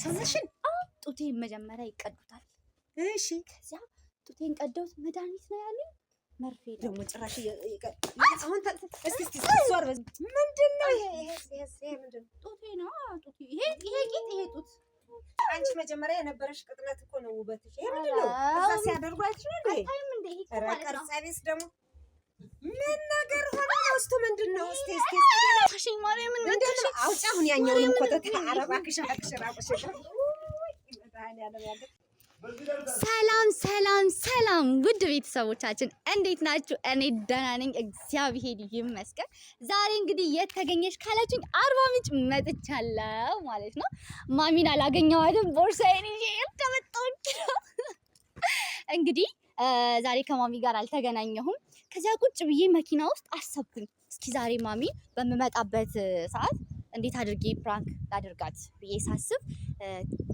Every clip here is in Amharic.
ሰውነሽን ጡቴን መጀመሪያ ይቀዱታል። እሺ፣ ከዚያ ጡቴን ቀደውት መድኃኒት ነው ያሉኝ። መርፌ ደግሞ ጭራሽ ምንድን ነው ይሄ ጡት? አንቺ መጀመሪያ የነበረሽ ቅጥለት እኮ ነው ውበትሽ። ይሄ ምንድን ነው? እዛ ሲያደርጓችሁ ደግሞ ምን ነገር ሆነ ነው? እስኪ ምንድን ነው? እስቲ እስኪ እስኪ ማርያምን ምንድን ነው? አውጪ አሁን ያኛውን ኮተት አረባ ክሽራ ክሽራ ቁሽራ ሰላም ሰላም ሰላም ውድ ቤተሰቦቻችን እንዴት ናችሁ? እኔ ደህና ነኝ፣ እግዚአብሔር ይመስገን። ዛሬ እንግዲህ የተገኘሽ ካላችሁኝ አርባ ምንጭ መጥቻለሁ ማለት ነው። ማሚን አላገኘኋትም፣ ቦርሳዬን ይዤ ነው እንግዲህ ዛሬ ከማሚ ጋር አልተገናኘሁም። ከዚያ ቁጭ ብዬ መኪና ውስጥ አሰብኩኝ፣ እስኪ ዛሬ ማሚ በምመጣበት ሰዓት እንዴት አድርጌ ፕራንክ ላድርጋት ብዬ ሳስብ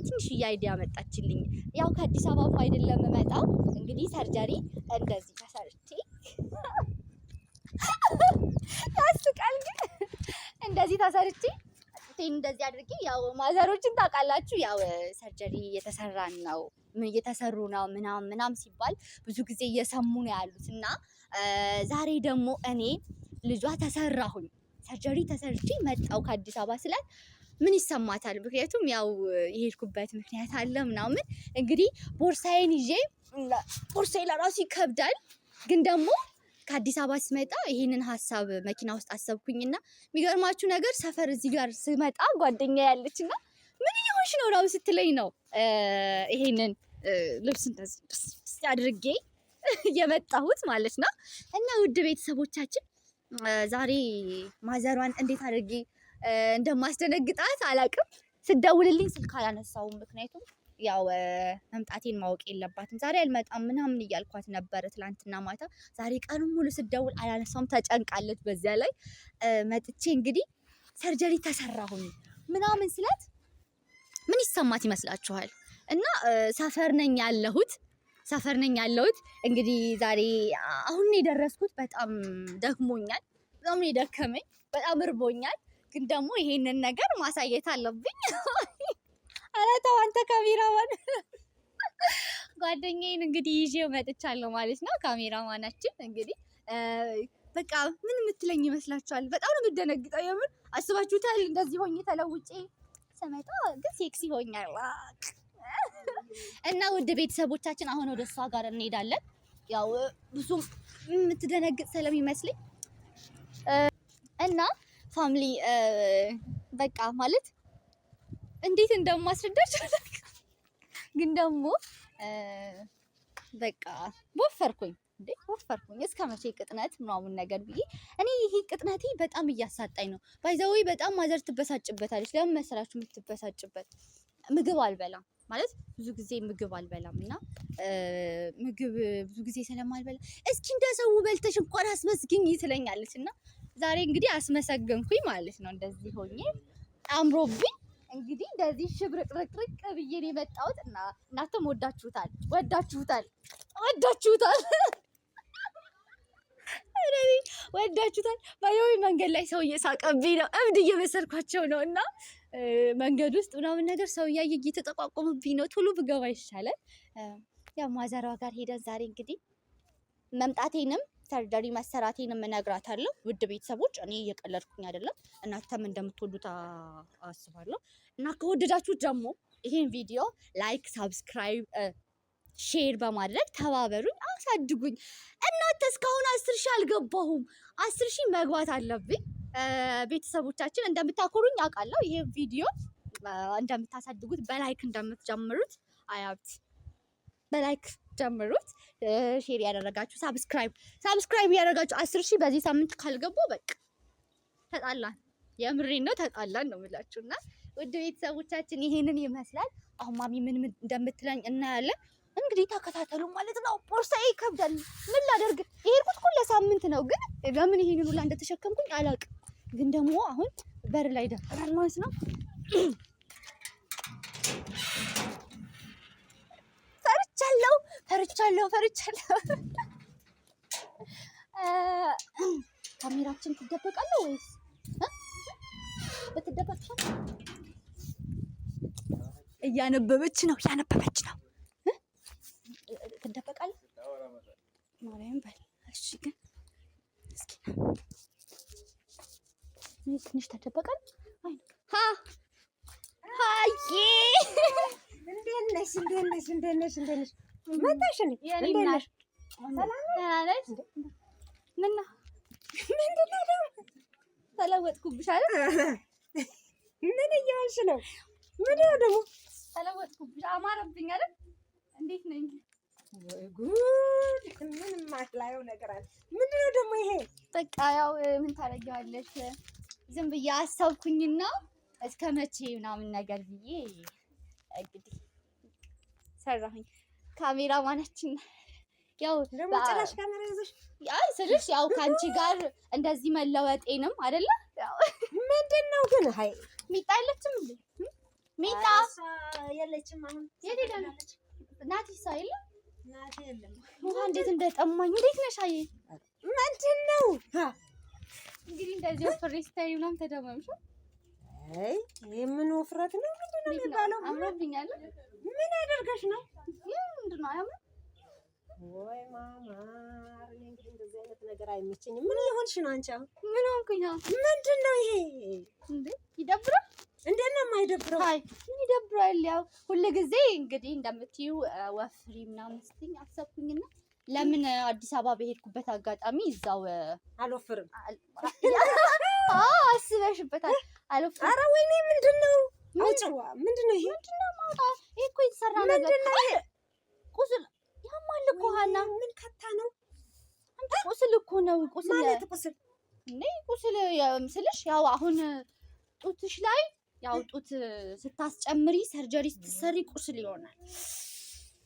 ትንሽዬ አይዲያ መጣችልኝ። ያው ከአዲስ አበባ አይደለም እመጣው እንግዲህ ሰርጀሪ እንደዚህ ተሰርቼ ያስቃል ግን እንደዚህ ተሰርቼ እንደዚህ አድርጌ ያው ማዘሮችን ታውቃላችሁ፣ ያው ሰርጀሪ እየተሰራን ነው እየተሰሩ ነው ምናም ምናም ሲባል ብዙ ጊዜ እየሰሙ ነው ያሉት እና ዛሬ ደግሞ እኔ ልጇ ተሰራሁኝ ሰርጀሪ ተሰርጂ መጣው ከአዲስ አበባ ስላት ምን ይሰማታል? ምክንያቱም ያው የሄድኩበት ምክንያት አለ ምናምን። እንግዲህ ቦርሳዬን ይዤ ቦርሳዬ ለራሱ ይከብዳል፣ ግን ደግሞ ከአዲስ አበባ ስመጣ ይሄንን ሀሳብ መኪና ውስጥ አሰብኩኝና የሚገርማችሁ ነገር ሰፈር እዚህ ጋር ስመጣ ጓደኛ ያለችና ምን እየሆንሽ ነው ራው ስትለኝ ነው ይሄንን ልብስ እንደዚህ አድርጌ የመጣሁት ማለት ነው። እና ውድ ቤተሰቦቻችን ዛሬ ማዘሯን እንዴት አድርጌ እንደማስደነግጣት አላቅም። ስደውልልኝ ስልክ አላነሳውም። ምክንያቱም ያው መምጣቴን ማወቅ የለባትም ዛሬ አልመጣም ምናምን እያልኳት ነበረ ትላንትና ማታ። ዛሬ ቀኑን ሙሉ ስደውል አላነሳውም። ተጨንቃለች። በዚያ ላይ መጥቼ እንግዲህ ሰርጀሪ ተሰራሁኝ ምናምን ስላት ምን ይሰማት ይመስላችኋል? እና ሰፈር ነኝ ያለሁት ሰፈር ነኝ ያለሁት። እንግዲህ ዛሬ አሁን የደረስኩት በጣም ደክሞኛል፣ በጣም የደከመኝ፣ በጣም እርቦኛል። ግን ደግሞ ይሄንን ነገር ማሳየት አለብኝ። ኧረ ተው አንተ ካሜራማን። ጓደኛዬን እንግዲህ ይዤው መጥቻለሁ ማለት ነው። ካሜራማናችን እንግዲህ በቃ ምን የምትለኝ ይመስላችኋል? በጣም ነው የምደነግጠው። የምር አስባችሁታል? እንደዚህ ሆኜ ተለውጬ ስመጣ ግን ሴክሲ ሆኛል። እና ውድ ቤተሰቦቻችን አሁን ወደ እሷ ጋር እንሄዳለን። ያው ብዙ የምትደነግጥ ስለሚመስለኝ እና ፋሚሊ በቃ ማለት እንዴት እንደማስረዳች ግን ደግሞ በቃ ወፈርኩኝ እንዴ ወፈርኩኝ እስከ መቼ ቅጥነት ምናምን ነገር ብዬ እኔ ይሄ ቅጥነቴ በጣም እያሳጣኝ ነው። ባይዛዊ በጣም ማዘር ትበሳጭበታለች። ለምን መሰላችሁ የምትበሳጭበት ምግብ አልበላም ማለት ብዙ ጊዜ ምግብ አልበላም እና ምግብ ብዙ ጊዜ ስለማልበላ እስኪ እንደ ሰው በልተሽ እንኳን አስመስግኝ ትለኛለች። እና ዛሬ እንግዲህ አስመሰገንኩኝ ማለት ነው። እንደዚህ ሆኜ አምሮብኝ እንግዲህ እንደዚህ ሽብርቅርቅርቅ ብዬ ነው የመጣሁት። እና እናንተም ወዳችሁታል ወዳችሁታል ወዳችሁታል ወዳችሁታል። ባየዊ መንገድ ላይ ሰው እየሳቀብኝ ነው፣ እብድ እየመሰልኳቸው ነው እና መንገድ ውስጥ ምናምን ነገር ሰው እያየ እየተጠቋቆምብኝ ነው፣ ቶሎ ብገባ ይሻላል። ያው ማዘሯ ጋር ሄደን ዛሬ እንግዲህ መምጣቴንም ሰርጀሪ መሰራቴንም እነግራታለሁ። ውድ ቤተሰቦች እኔ እየቀለድኩኝ አይደለም፣ እናንተም እንደምትወዱት አስባለሁ። እና ከወደዳችሁት ደግሞ ይህን ቪዲዮ ላይክ፣ ሳብስክራይብ፣ ሼር በማድረግ ተባበሩኝ፣ አሳድጉኝ። እናንተ እስካሁን አስር ሺህ አልገባሁም፣ አስር ሺህ መግባት አለብኝ። ቤተሰቦቻችን እንደምታኮሩኝ አውቃለሁ። ይሄ ቪዲዮ እንደምታሳድጉት በላይክ እንደምትጀምሩት አያብት በላይክ ጀምሩት። ሼር ያደረጋችሁ ሳብስክራይብ ሳብስክራይብ ያደረጋችሁ አስር ሺህ በዚህ ሳምንት ካልገቡ በቃ ተጣላን። የምሬን ነው ተጣላን ነው የምላችሁ። እና ውድ ቤተሰቦቻችን ይሄንን ይመስላል። አሁን ማሚ ምን እንደምትለኝ እናያለን። እንግዲህ ተከታተሉ ማለት ነው። ቦርሳዬ ይከብዳል። ምን ላደርግ የሄድኩት እኮ ለሳምንት ነው፣ ግን ለምን ይሄንን ሁላ እንደተሸከምኩኝ አላውቅም። ግን ደግሞ አሁን በር ላይ ደፈናል ማለት ነው። ፈርቻለሁ፣ ፈርቻለሁ፣ ፈርቻለሁ። ካሜራችን ትደበቃለህ ወይስ እያነበበች ነው፣ እያነበበች ነው ትንሽ ተደበቀን። ሀዬ ምን እያልሽ ነው? ምን ደግሞ ተለወጥኩብሽ፣ አማረብኝ አይደል? እንዴት ነኝ? ጉድ! ምንም አትላየው ነገር አለ። ምንድን ደግሞ ይሄ? በቃ ያው ምን ታደርጊዋለሽ? ዝም ብዬ አሰብኩኝና እስከ መቼ ምናምን ነገር ብዬ እንግዲህ ሰራሁኝ። ካሜራ ማናችን ያው ጭራሽ ስልሽ ያው ከአንቺ ጋር እንደዚህ መለወጤንም አይደለ። ምንድን ነው ግን ሀይ ሚጣ የለችም እንዴ? ሚጣ የለችም። ናቲ እሷ የለም። ውሃ እንዴት እንደጠማኝ። እንዴት ነሽ? አይ ምንድን ነው እንግዲህ እንደዚህ ወፍሬ ስታይ ምናምን ተደመምሽው። አይ የምን ወፍረት ነው? ምንድን ነው የሚባለው? አምሮብኛል። ምን አደርገሽ ነው? ምንድን ነው አያምርም? ወይ ማማ፣ እኔ እንግዲህ እንደዚህ አይነት ነገር አይመቸኝም። ምን የሆንሽ ነው አንቺ? ምን ሆንኩኝ? ምንድን ነው ይሄ? እንዴ ይደብራል። እንዴት ነው የማይደብረው? አይ ይደብራል። ያው ሁልጊዜ እንግዲህ እንደምትይው ወፍሪ ምናምን ስትይኝ አሰብኩኝና ለምን አዲስ አበባ በሄድኩበት አጋጣሚ እዛው አልወፍርም አስበሽበታል። አልወፍርም። ኧረ ወይኔ ምንድን ነው ስልሽ ያው አሁን ጡትሽ ላይ ያው ጡት ስታስጨምሪ ሰርጀሪ ስትሰሪ ቁስል ይሆናል።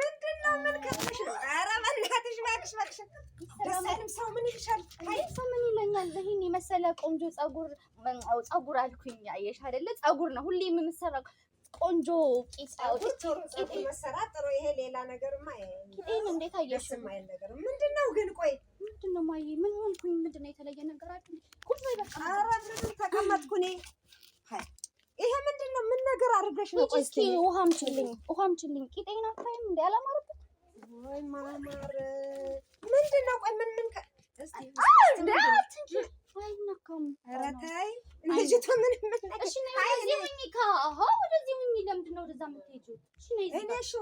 ምንድን ነው? ምን ከፍሽ ነው? ኧረ በእናትሽ እባክሽ እባክሽ። ደሳይም ሰው ምን ይልሻል? አይ ሰው ምን ይለኛል? ይህን የመሰለ ቆንጆ ፀጉር ፀጉር አልኩኝ። አየሽ አይደለ? ፀጉር ነው ሁሌ የምንሰራው ቆንጆ ቂጥ መሰራት ጥሩ። ይሄ ሌላ ነገርማ ቂጤን እንዴት አየሽ? ምንድን ነው ግን? ቆይ ምንድን ነው ማየ? ምን ሆንኩኝ? ምንድን ነው የተለየ ነገር አለ? ሁሉ ይበቃ። ኧረ ተቀመጥኩ እኔ ይሄ ምንድን ነው? ምን ነገር አድርገሽ ነው? ቆይ እስኪ ውሃ ውሃም ውሃ አምጪልኝ። ቂጤና ታይም እንደ አላማረበት ወይ ማማር ምንድን ነው? ቆይ ምን ምን እስኪ አይ እንደ አትንኪ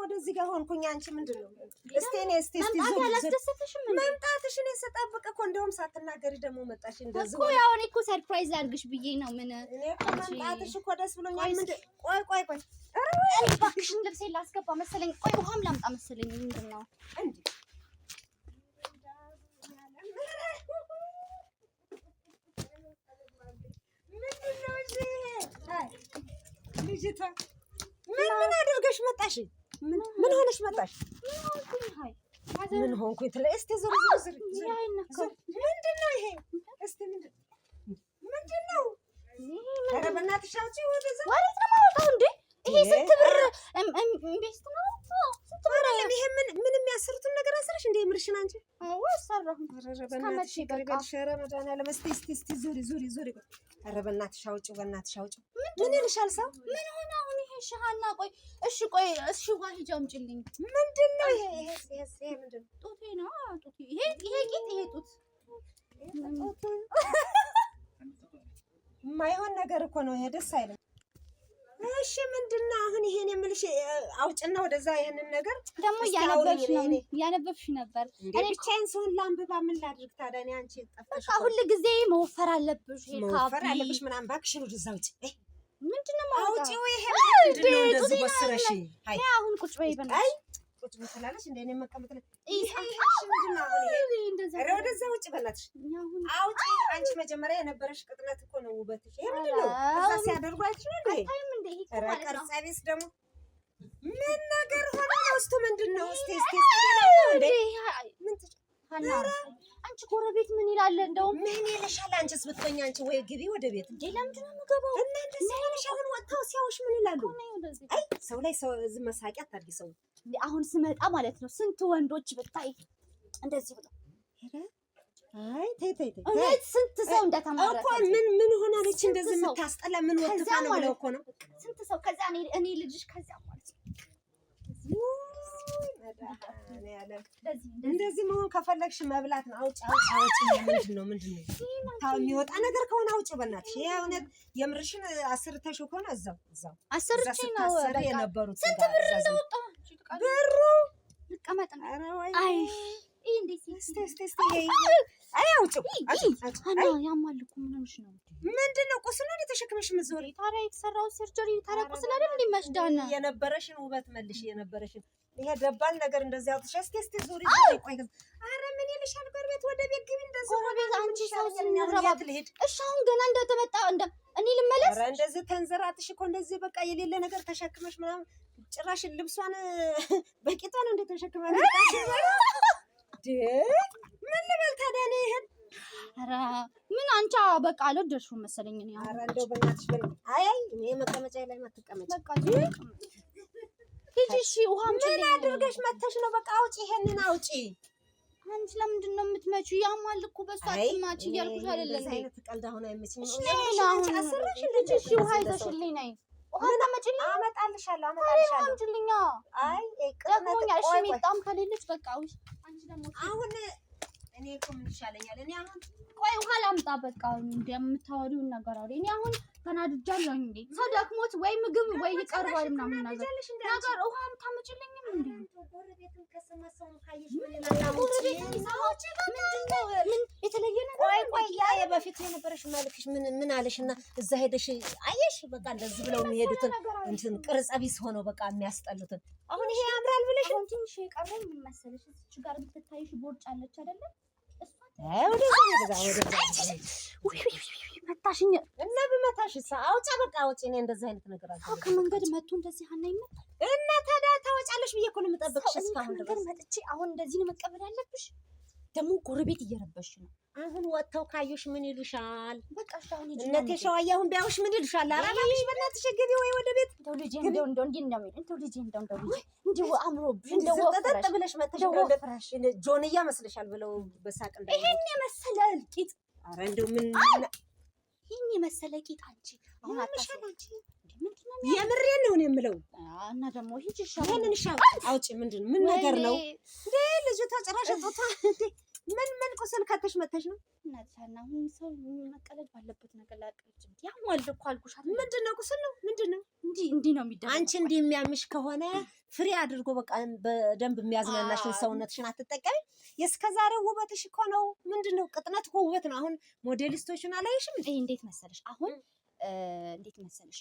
ወደዚህ ጋር ሆንኩኝ። አንቺ ምንድን ነው መምጣትሽን ስጠብቅ እኮ እንደውም ሳትናገሪ ደግሞ መጣሽ። እንደዚህ እኮ ያው እኔ እኮ ሰርፕራይዝ አድርግሽ ብዬ ነው። ምን መምጣትሽ እኮ ደስ ብሎኛል። ምንድን ቆይ ቆይ ቆይ፣ እባክሽን ልብሴን ላስገባ መሰለኝ። ቆይ ውሃም ላምጣ መሰለኝ። ምንድን ነው ልጅቷ ምን ምን አድርገሽ መጣሽ? ምን ሆነሽ መጣሽ? ምን ሆንኩ ትለ እስቲ ዞር ዞር ምንድን ነው ይሄ? እስቲ ምንድን ነው? ኧረ በእናትሽ አውጪው ወደ እዛ እሺ በቃ ሸረ መድኃኒዓለም እስቲ እስቲ እስቲ ዙሪ ዙሪ ዙሪ። ኧረ በእናትሽ አውጪው በእናትሽ አውጪው። ምን ይልሻል ሰው? ምን ሆነ አሁን ይሄ ቆይ እሺ ቆይ እሺ አምጪልኝ። ምንድን ነው ይሄ? ይሄ ይሄ ምንድን ነው? ጡቴ ነው ጡቴ። ይሄ ይሄ ጌጥ ይሄ ጡት ነገር እኮ ነው ይሄ። ደስ አይልም። እሺ ምንድን ነው አሁን ይሄን የምልሽ አውጭና ወደዛ ይሄንን ነገር ደግሞ እያነበብሽ ነው እያነበብሽ ነበር እኔ ብቻዬን ሰውን ላንብባ ምን ላድርግ ታዲያ እኔ አንቺ ጠፋሽ በቃ ሁሉ ጊዜ መወፈር አለብሽ መወፈር አለብሽ ምናምን እባክሽን ወደዛ ውጭ ምንድን ነው አውጪው ይሄ ምንድን ነው እንደዚህ ወስረሽ አሁን ቁጭ በይ በእናትሽ ቁጭ ብትላለች እንደ እኔ መቀመጥ ወደዛ ውጭ በላትሽ አውጪ። አንቺ መጀመሪያ የነበረሽ ቅጥለት እኮ ነው ውበትሽ። ይሄ ምንድን ነው ሲያደርጓችሁ? ቅርጸ ቢስ ደግሞ ምን ነገር ሆነ? ውስጡ ምንድን ነው? ጎረቤት ምን ይላል? እንደው ምን ይልሻል? አንቺስ ብትሆኝ አንቺ ወይ ግቢ ወደ ቤት እንዴ! ለምንድን ነው የምገባው? እናንተ ሲሆንሽ አሁን ወጥተው ሲያውሽ ምን ይላሉ? አይ ሰው ላይ ሰው መሳቂያ አታድርጊ። ሰው አሁን ስመጣ ማለት ነው ስንት ወንዶች ብታይ እንደዚህ ብሎ አይ ተይ ተይ ተይ፣ እውነት ስንት ሰው እንደተማረ እኮ ምን ምን ሆናለች? እንደዚህ የምታስጠላ ምን ወጥታ ነው እኮ ነው ስንት ሰው ከዛ እኔ ልጅሽ ከዛ ማለት ነው እንደዚህ መሆን ከፈለግሽ መብላት ነው። አውጭ አውጭ አውጭ። ምንድን ነው ምንድን ነው ታው የሚወጣ ነገር ከሆነ አውጭ በእናትሽ። ይሄ እውነት የምርሽን አስርተሽው ከሆነ እዛው እዛው አስርቼ ነው የነበሩት። ስንት ብር እንደወጣ ብሩ ልቀመጥ ነው። ኧረ ወይ አይ ምንድን የነበረሽን ውበት መልሽ የነበረሽን ይሄ ደባል ነገር እንደዚህ አውጥሽ እስኪ እስኪ ዙሪ ዙሪ። ቆይ አረ ምን ይልሻል? ጎረቤት ወደ ቤት ግቢ። እንደዚህ ጎረቤት አንቺ ሰው ስንያት ልሄድ። እሺ አሁን ገና እንደተመጣ እንደ እኔ ልመለስ። አረ እንደዚህ ተንዘራትሽ እኮ እንደዚህ በቃ የሌለ ነገር ተሸክመሽ ምናምን ጭራሽ ልብሷን በቂቷን እንደ ተሸክመሽ ምን ልበል ታዲያ ነው ይሄን አረ ምን አንቺ በቃ አልወደድሽውም መሰለኝ ነው። አረ እንደው በእናትሽ በል። አይ እኔ መቀመጫ ላይ ማትቀመጭ በቃ ሂጂ እሺ። ውሃ አምጪ። ምን አድርገሽ መተሽ ነው? በቃ አውጪ፣ ይሄንን አውጪ። አንቺ ለምንድን ነው የምትመጪው? ያማል እኮ በእሷ አትማች እያልኩሽ አይደለም። እሺ ውሃ ይዘሽልኝ ነይ። ውሃ ታመጪልኝ? አመጣልሻለሁ፣ አመጣልሻለሁ። አምጪልኝ። አይ ደግሞኛል። እሺ ሚጣም ከሌለች በቃ አሁን እኔ እኮ ምን ይሻለኛል እኔ አሁን ቆይ ውሃ ላምጣ። በቃ እንደምታወሪው ነገር አውሪ። እኔ አሁን ተናድጃለሁ። እንዴ ሰው ደክሞት ወይ ምግብ ወይ ይቀርባል ምናምን ነገር ነገር ውሃ አምታመጭልኝም እንዴ? የተለየ ነገር ቆይ ቆይ፣ ያ የበፊት የነበረሽ መልክሽ ምን ምን አለሽ? እና እዛ ሄደሽ አየሽ? በቃ እንደዚህ ብለው የሚሄዱትን እንትን ቅርጸ ቢስ ሆኖ በቃ የሚያስጠሉትን አሁን ይሄ ያምራል ብለሽ ትንሽ የቀረኝ ምን መሰለሽ? እዚች ጋር ብትታይሽ ቦርጭ አለች አይደለም መታሽኝ እና ብመታሽ አውጪ፣ በቃ ከመንገድ መቶ እንደዚህ ሀና ይመጣል እና ታዲያ ታወጫለሽ ብዬ እኮ ነው የምጠብቅሽ። እስካሁን ድረስ መጥቼ አሁን እንደዚህ ነው መቀበል ያለብሽ? ደግሞ ጎረቤት እየረበሽ ነው አሁን ወጥተው ካዩሽ ምን ይሉሻል? እነ ቴሻዋዬ አሁን ቢያዩሽ ምን ይሉሻል? ኧረ እባክሽ በእናትሽ ግቢ ወይ ወደ ቤት። እንደው ልጄ እንደው እንደው እንዲህ ነው እንደው ልጄ እንደው እንደው ልጄ እንደው አምሮብሽ እንደው ወጥተሽ ብለሽ መጥተሽ እንደው ለፍራሽ ጆንያ መስለሻል ብለው በሳቅ እንደው ይሄን የመሰለ ቂጥ። አረ እንደው ምን ይሄን የመሰለ ቂጥ አንቺ አሁን አታሽ የምሬ ነው ነው የምለው። እና ደግሞ ይሄ ይሻል ይሄንን ይሻል አውጪ። ምንድን ምን ነገር ነው ልጅቷ ጭራሽ ጦታ ምን ምን ቁስል ከተሽ መተሽ ነው? እናትሽ ምን ሰው መቀለድ ባለበት ነገር ላቀች ያሟል እኮ አልኩሽ። ምንድን ነው ቁስል ነው ምንድን ነው? እንዲህ እንዲህ ነው የሚደረገው። አንቺ እንዲህ የሚያምሽ ከሆነ ፍሬ አድርጎ በቃ በደንብ የሚያዝናናሽን ሰውነትሽን አትጠቀሚ። የእስከዛሬው ውበትሽ እኮ ነው። ምንድን ነው ቅጥነት እኮ ውበት ነው። አሁን ሞዴሊስቶችን አላየሽም? እንዴት መሰለሽ አሁን እንዴት መሰለሽ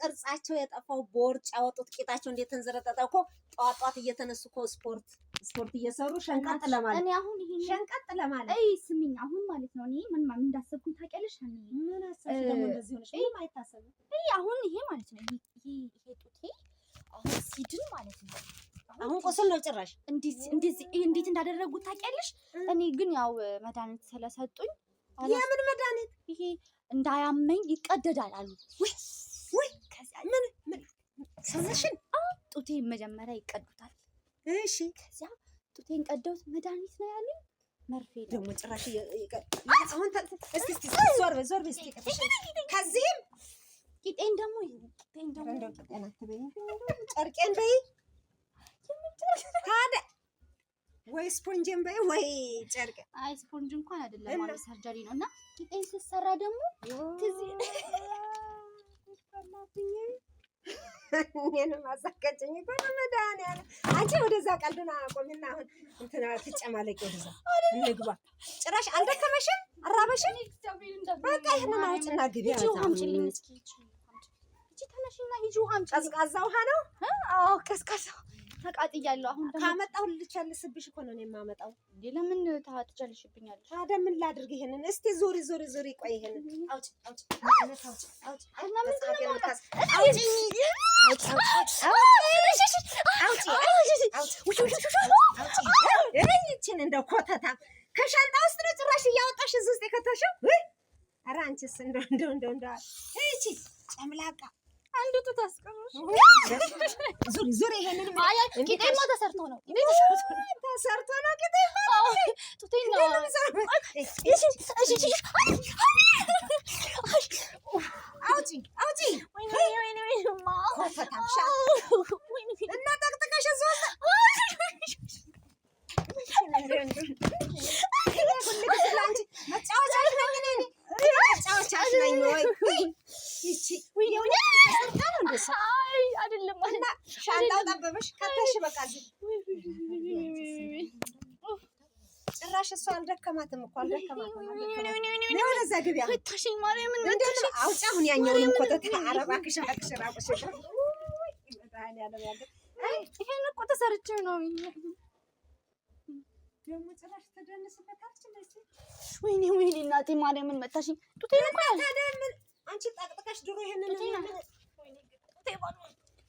ቅርጻቸው የጠፋው ቦርጭ ያወጡት ቂጣቸው እንዴት ተንዘረጠጠ እኮ። ጠዋት ጠዋት እየተነሱ እኮ ስፖርት ስፖርት እየሰሩ ሸንቀጥ ለማለት እኔ አሁን ይሄን ሸንቀጥ ለማለት አይ ስሚኝ፣ አሁን ማለት ነው እኔ ምን ምን እንዳሰብኩኝ ታውቂያለሽ? ምን አሰብሽ እንደዚህ ሆነሽ? ይሄ ማይታሰብ ይሄ አሁን ይሄ ማለት ነው ይሄ ይሄ ጡቴ አሁን ሲድን ማለት ነው አሁን ቁስል ነው ጭራሽ። እንዴት እንዴት እንዳደረጉት ታውቂያለሽ? እኔ ግን ያው መድኃኒት ስለሰጡኝ የምን መድኃኒት እንዳያመኝ ይቀደዳል አሉ። ውይ ከዚያ ምን ምን ሰውነሽን ጡቴ መጀመሪያ ይቀዱታል። እሺ ከዚያ ጡቴን ቀደውት መድኃኒት ነው ያለኝ መርፌ ደግሞ ጭራሽ አሁን እስኪ እስኪ ዞር ዞር እስኪ ከዚህም ቂጤን ደግሞ ቂጤን ደግሞ ጨርቄን በይ ታዲያ ወይ ስፖንጅን በይ ወይ ጨርቅ። አይ ስፖንጅ እንኳን አይደለም ማለት ሰርጀሪ ነው። እና ቂጤን ስትሰራ ደግሞ ትዝ እኔንም አሳቀጭኝ እኮ ነው መድኃኒዓለም። አንቺ ወደዛ ቀልዱን አቆሚና አሁን እንትና ትጨማለቂ ወደዛ እንግባ። ጭራሽ አልደከመሽም? አራበሽም? በቃ ይህንን አውጭና ግቢ ቀዝቃዛ ውሃ ነው። አዎ ተቃጥያለሁ። አሁን ካመጣሁ ልቸልስብሽ እኮ ነው የማመጣው። ለምን ትቸልሽብኛለሽ? ታዲያ ምን ላድርግ? ይሄንን እስቲ ዞሪ ዞሪ ዞሪ፣ ቆይ ይሄንን አውጪ አውጪ ኮተታ ከሻንጣ ውስጥ ነው ጭራሽ እያወጣሽ እዚህ ውስጥ የከተሽው። ኧረ አንቺስ እንደው እንደው እንደው እንደው ጨምላቃ አንድ ጡት አስቀምሽ ዙር ይሄንን ቂጤማ ተሰርቶ ነው ተሰርቶ ነው መጫወቻ ነኝ ወይ እና ሻንጣው ጠበበሽ ከተሽ በቃ ጭራሽ እሷ አልደከማትም እኮ አልደከማትም። ማርያምን መታሽኝ። አውጪ አሁን ያኛውን ኮተት አረባ ይሄን እኮ ተሰርቼ ነው ወይኔ ወይኔ እናቴ ማርያምን መታሽኝ። ጡቴን እኮ አንቺ ጣቅጥቀሽ ድሮ ይሄንን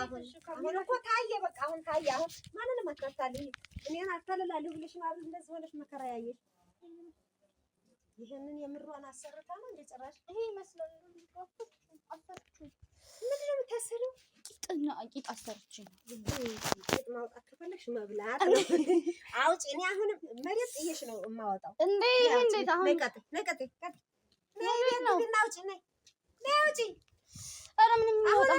አሁን አሁን እኮ ታየ፣ በቃ አሁን ታየ። አሁን ይሄንን የምሯን አሰርታ ነው እንደ ጭራሽ ይሄ ይመስላል። ምንድን ነው የምታሰሪው? ቂጥና ቂጥ አሰርች። ቂጥ ማውጣት ከፈለግሽ መብላት አውጪ። እኔ አሁን መሬት ጥዬሽ ነው የማወጣው። እንዴ ይሄ እንዴት አሁን ነቀጥ ነቀጥ ነቀጥ ነው